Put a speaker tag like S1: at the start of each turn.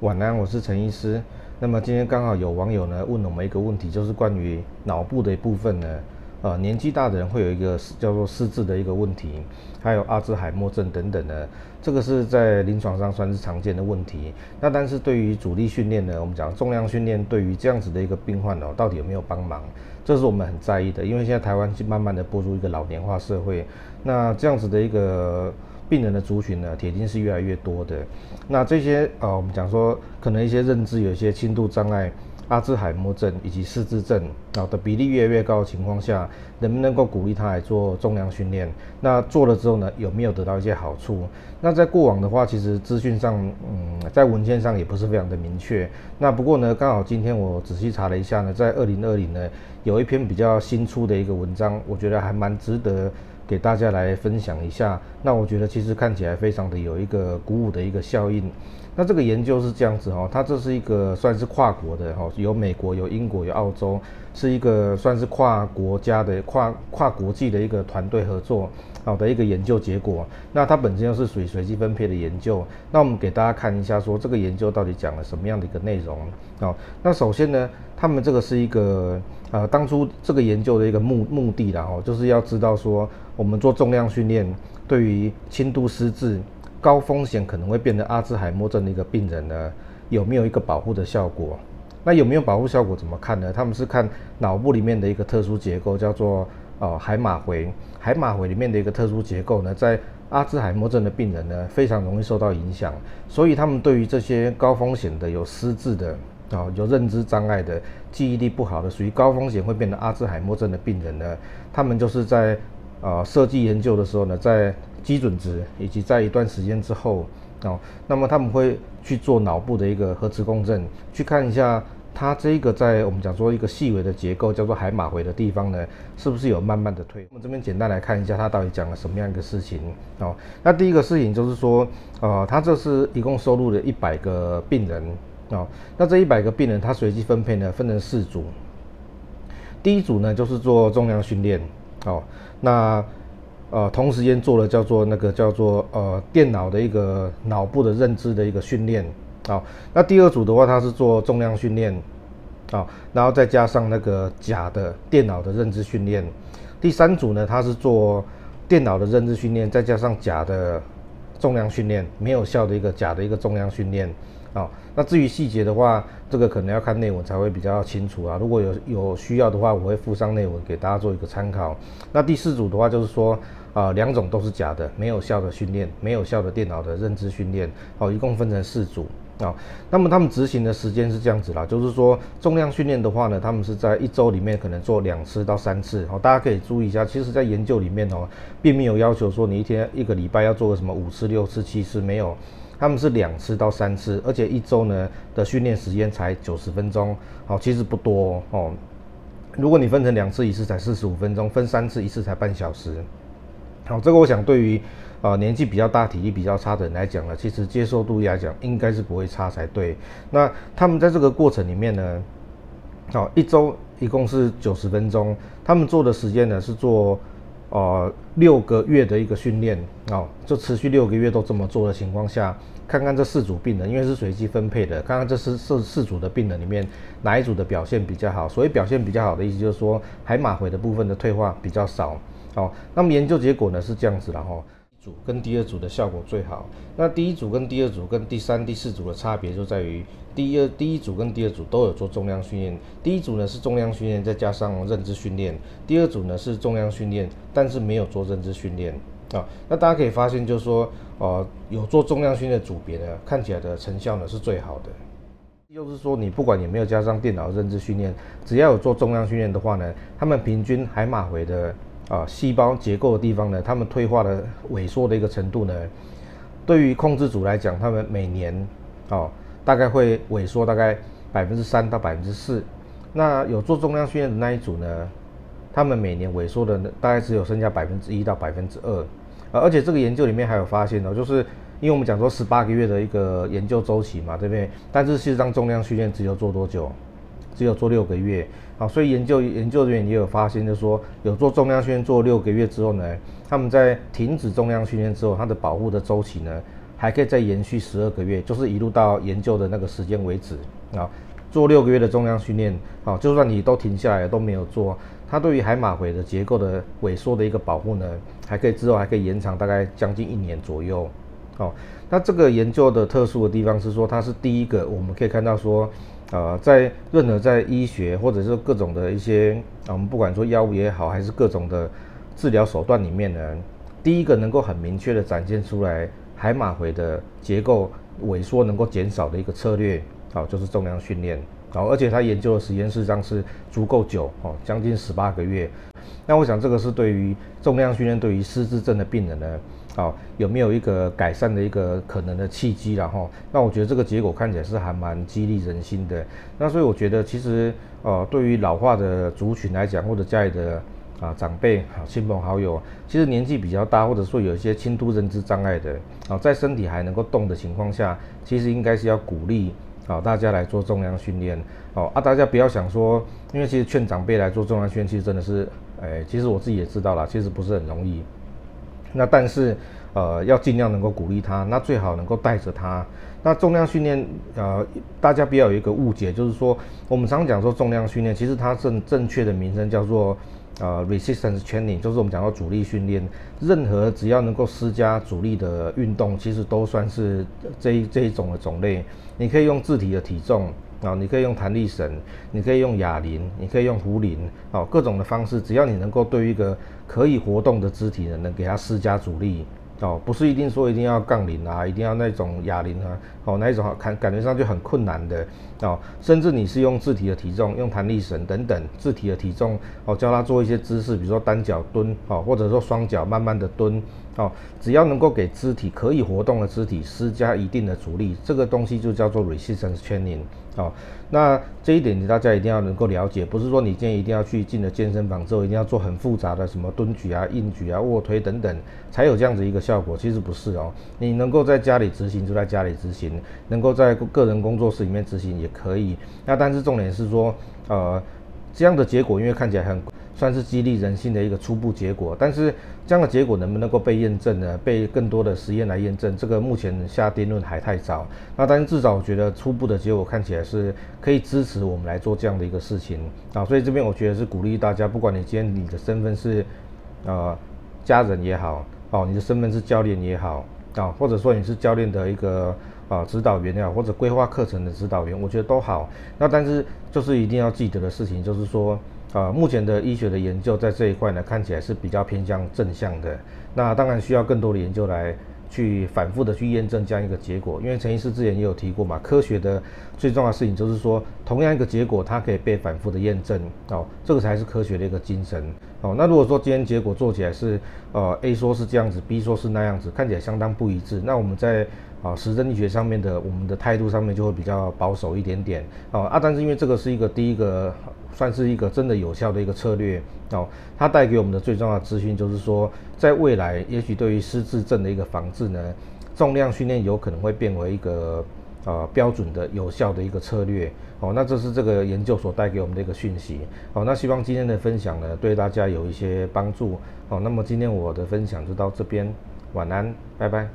S1: 晚安，我是陳醫師。那麼今天剛好有網友呢問了我們一個問題，就是關於腦部的一部分呢，呃，年紀大的人會有一個叫做失智的一個問題，還有阿茲海默症等等呢。這個是在臨床上算是常見的問題。那但是對於阻力訓練呢，我們講重量訓練對於這樣子的一個病患哦，到底有沒有幫忙？這是我們很在意的，因為現在台灣是慢慢地步入一個老年化社會，那這樣子的一個。病人的族群呢，鐵定是越來越多的。那這些呃、哦，我們講說，可能一些認知有一些輕度障礙、阿茲海默症以及失智症啊、哦、的比例越來越高的情況下，能不能夠鼓勵他來做重量訓練？那做了之後呢，有沒有得到一些好處？那在過往的話，其實資訊上，嗯，在文件上也不是非常的明確。那不過呢，剛好今天我仔細查了一下呢，在二零二零呢，有一篇比較新出的一個文章，我覺得還蠻值得。給大家來分享一下，那我覺得其實看起來非常的有一個鼓舞的一個效應。那這個研究是這樣子哦，它這是一個算是跨國的哦，有美國、有英國、有澳洲，是一個算是跨國家的、跨跨國際的一個團隊合作好的一個研究結果。那它本身又是屬於隨機分配的研究。那我們給大家看一下說，說這個研究到底講了什麼樣的一個內容。好，那首先呢，他們這個是一個。呃，當初這個研究的一個目目的啦吼、哦，就是要知道說，我們做重量訓練對於輕度失智、高風險可能會變成阿茲海默症的一個病人呢，有沒有一個保護的效果？那有沒有保護效果？怎麼看呢？他們是看腦部裡面的一個特殊結構，叫做呃、哦、海馬回。海馬回裡面的一個特殊結構呢，在阿茲海默症的病人呢，非常容易受到影響，所以他們對於這些高風險的有失智的。啊，有認知障礙的、記憶力不好的、屬於高風險會變得阿茲海默症的病人呢，他們就是在啊設計研究的時候呢，在基準值以及在一段時間之後，哦、呃，那麼他們會去做腦部的一個核磁共振，去看一下他這個在我們講說一個細微的結構叫做海馬回的地方呢，是不是有慢慢的退、嗯。我們這邊簡單來看一下，他到底講了什麼樣一個事情。哦、呃，那第一個事情就是說，呃，他這是一共收入了一百個病人。哦，那這一百個病人他隨機分配呢，分成四組，第一組呢就是做重量訓練，哦，那呃同時間做了叫做那個叫做呃電腦的一個腦部的認知的一個訓練，啊、哦，那第二組的話它是做重量訓練，啊、哦，然後再加上那個假的電腦的認知訓練，第三組呢它是做電腦的認知訓練，再加上假的重量訓練，沒有效的一個假的一個重量訓練。好、哦，那至於細節的話，這個可能要看內文才會比較清楚啊。如果有有需要的話，我會附上內文給大家做一個參考。那第四組的話就是說，呃，兩種都是假的，沒有效的訓練，沒有效的電腦的認知訓練。好、哦，一共分成四組啊、哦。那麼他們執行的時間是這樣子啦，就是說重量訓練的話呢，他們是在一周裡面可能做兩次到三次。好、哦，大家可以注意一下，其實，在研究裡面哦，並沒有要求說你一天一個禮拜要做個什麼五次、六次、七次，沒有。他們是兩次到三次，而且一週呢的訓練時間才九十分鐘，好，其實不多哦。如果你分成兩次，一次才四十五分鐘；分三次，一次才半小時。好，這個我想對於啊、呃、年紀比較大、體力比較差的人來講呢，其實接受度來講應該是不會差才對。那他們在這個過程裡面呢，好、哦，一週一共是九十分鐘，他們做的時間呢是做。呃，六個月的一個訓練，哦，就持續六個月都這麼做的情況下，看看這四組病人，因為是隨機分配的，看看這四四四組的病人裡面哪一組的表現比較好。所謂表現比較好的意思，就是說海馬回的部分的退化比較少。哦，那麼研究結果呢是這樣子的哈。哦組跟第二組的效果最好。那第一組跟第二組跟第三、第四組的差別就在於第一、第一組跟第二組都有做重量訓練，第一組呢是重量訓練再加上認知訓練，第二組呢是重量訓練，但是沒有做認知訓練啊。那大家可以發現，就是說，哦、呃，有做重量訓練組別的看起來的成效呢是最好的。又、就是說，你不管有沒有加上電腦認知訓練，只要有做重量訓練的話呢，他們平均海馬回的。啊，細胞結構的地方呢，它們退化的萎縮的一個程度呢，對於控制組來講，他們每年哦，大概會萎縮大概百分之三到百分之四。那有做重量訓練的那一組呢，他們每年萎縮的大概只有剩下百分之一到百分之二。而且這個研究裡面還有發現的，就是因為我們講說十八個月的一個研究周期嘛，對不對？但是事實上重量訓練只有做多久？只有做六個月啊，所以研究研究人員也有發現就是，就說有做重量訓練做六個月之後呢，他們在停止重量訓練之後，它的保護的周期呢，還可以再延續十二個月，就是一路到研究的那個時間為止啊。做六個月的重量訓練啊，就算你都停下來都沒有做，它對於海馬回的結構的萎縮的一個保護呢，還可以之後還可以延長大概將近一年左右。好，那這個研究的特殊的地方是說，它是第一個我們可以看到說。呃，在任何在醫學或者是各種的一些，啊，我們不管說藥物也好，還是各種的治療手段裡面呢，第一個能夠很明確的展現出來海馬回的結構萎縮能夠減少的一個策略，啊，就是重量訓練，啊，而且他研究的時間事實上是足夠久啊，將近十八個月。那我想這個是對於重量訓練對於失智症的病人呢，哦，有沒有一個改善的一個可能的契機，然後，哦，那我覺得這個結果看起來是還蠻激勵人心的。那所以我覺得其實，呃，哦，對於老化的族群來講，或者家裡的啊長輩親朋好友，其實年紀比較大，或者說有一些輕度認知障礙的啊，哦，在身體還能夠動的情況下，其實應該是要鼓勵啊，哦，大家來做重量訓練哦，啊，大家不要想說，因為其實勸長輩來做重量訓練，其實真的是。哎，其實我自己也知道啦，其實不是很容易。那但是，呃，要盡量能夠鼓勵他，那最好能夠帶着他。那重量訓練，呃，大家不要有一個誤解，就是說，我們常講說重量訓練，其實它正正確的名稱叫做呃 resistance training，就是我們講到阻力訓練。任何只要能夠施加阻力的運動，其實都算是這一這一種的種類。你可以用自己的體重。哦，你可以用彈力繩，你可以用啞鈴，你可以用壺鈴，哦，各種的方式，只要你能夠對於一個可以活動的肢體呢，能給他施加阻力，哦，不是一定說一定要槓鈴啊，一定要那種啞鈴啊，哦，那一種看感覺上就很困難的，哦，甚至你是用自體的體重，用彈力繩等等自體的體重，哦，教他做一些姿勢，比如說單腳蹲，哦，或者說雙腳慢慢的蹲。哦，只要能夠給肢體可以活動的肢體施加一定的阻力，這個東西就叫做 resistance training。哦，那這一點你大家一定要能夠了解，不是說你今天一定要去進了健身房之後一定要做很複雜的什麼蹲舉啊、硬舉啊、臥推等等才有這樣子一個效果，其實不是哦。你能夠在家裡執行就在家裡執行，能夠在個人工作室裡面執行也可以。那但是重點是說，呃。這樣的結果，因為看起來很算是激勵人心的一個初步結果，但是這樣的結果能不能夠被驗證呢？被更多的實驗來驗證，這個目前下定論還太早。那但是至少我覺得初步的結果看起來是可以支持我們來做這樣的一個事情啊，所以這邊我覺得是鼓勵大家，不管你今天你的身份是呃家人也好，哦、啊，你的身份是教練也好啊，或者說你是教練的一個。啊、呃，指導員呀，或者規劃課程的指導員，我覺得都好。那但是就是一定要記得的事情，就是說，呃，目前的醫學的研究在這一塊呢，看起來是比較偏向正向的。那當然需要更多的研究來去反覆的去驗證這樣一個結果。因為陳醫師之前也有提過嘛，科學的最重要的事情就是說，同樣一個結果，它可以被反覆的驗證哦、呃，這個才是科學的一個精神。哦，那如果說今天結果做起來是，呃，A 說是這樣子，B 說是那樣子，看起來相當不一致，那我們在啊實證醫學上面的我們的態度上面就會比較保守一點點。哦啊，但是因為這個是一個第一個算是一個真的有效的一個策略，哦，它帶給我們的最重要的資訊就是說，在未來也許對於失智症的一個防治呢，重量訓練有可能會變為一個。呃、啊，標準的、有效的一個策略哦，那這是這個研究所帶給我們的一個訊息好、哦，那希望今天的分享呢，對大家有一些幫助哦。那麼今天我的分享就到這邊，晚安，拜拜。